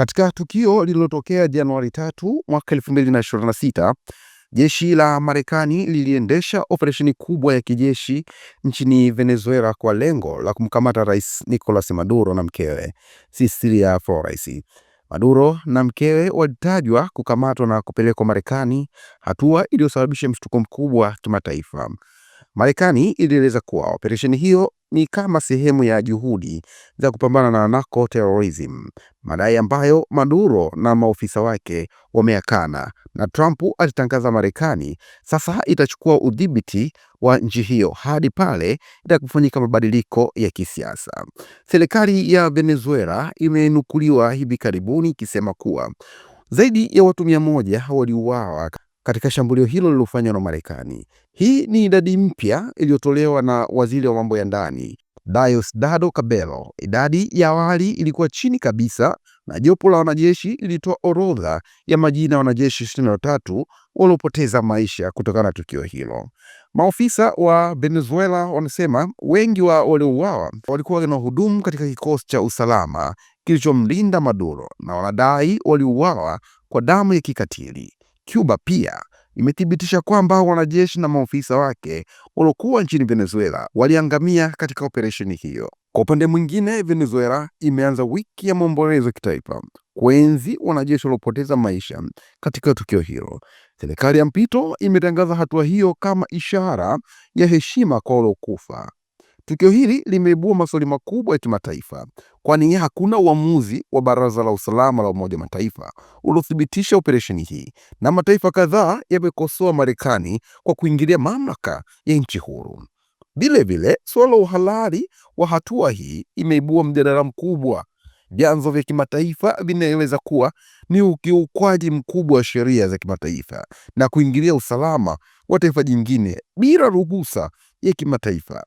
Katika tukio lililotokea Januari tatu mwaka 2026, jeshi la Marekani liliendesha operesheni kubwa ya kijeshi nchini Venezuela kwa lengo la kumkamata Rais Nicolas Maduro na mkewe Cecilia Flores. Maduro na mkewe walitajwa kukamatwa na kupelekwa Marekani, hatua iliyosababisha mshtuko mkubwa kimataifa. Marekani ilieleza kuwa operesheni hiyo ni kama sehemu ya juhudi za kupambana na narco terrorism, madai ambayo Maduro na maofisa wake wameyakana, na Trump alitangaza Marekani sasa itachukua udhibiti wa nchi hiyo hadi pale itakapofanyika mabadiliko ya kisiasa. Serikali ya Venezuela imenukuliwa hivi karibuni ikisema kuwa zaidi ya watu mia moja waliuawa katika shambulio hilo lililofanywa na Marekani. Hii ni idadi mpya iliyotolewa na waziri wa mambo ya ndani Diosdado Cabello. Idadi ya awali ilikuwa chini kabisa, na jopo la wanajeshi lilitoa orodha ya majina ya wanajeshi 23 waliopoteza maisha kutokana na tukio hilo. Maofisa wa Venezuela wanasema wengi wa waliouawa walikuwa wanahudumu katika kikosi cha usalama kilichomlinda Maduro, na wanadai waliuawa kwa damu ya kikatili. Cuba pia imethibitisha kwamba wanajeshi na maofisa wake waliokuwa nchini Venezuela waliangamia katika operesheni hiyo. Kwa upande mwingine, Venezuela imeanza wiki ya maombolezo kitaifa kuenzi wanajeshi waliopoteza maisha katika tukio hilo. Serikali ya mpito imetangaza hatua hiyo kama ishara ya heshima kwa waliokufa. Tukio hili limeibua maswali makubwa ya kimataifa, kwani hakuna uamuzi wa Baraza la Usalama la Umoja wa Mataifa uliothibitisha operesheni hii, na mataifa kadhaa yamekosoa Marekani kwa kuingilia mamlaka ya nchi huru. Vilevile, suala la uhalali wa hatua hii imeibua mjadala mkubwa. Vyanzo vya kimataifa vinaeleza kuwa ni ukiukwaji mkubwa wa sheria za kimataifa na kuingilia usalama wa taifa jingine bila ruhusa ya kimataifa.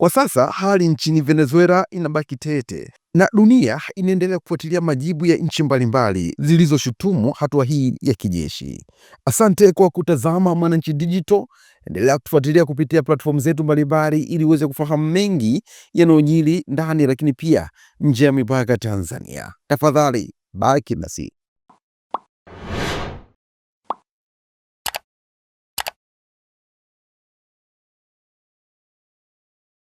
Kwa sasa hali nchini Venezuela inabaki tete na dunia inaendelea kufuatilia majibu ya nchi mbalimbali zilizoshutumu hatua hii ya kijeshi. Asante kwa kutazama Mwananchi Digital. Endelea kutufuatilia kupitia platform zetu mbalimbali ili uweze kufahamu mengi yanayojiri ndani, lakini pia nje ya mipaka Tanzania. Tafadhali baki nasi.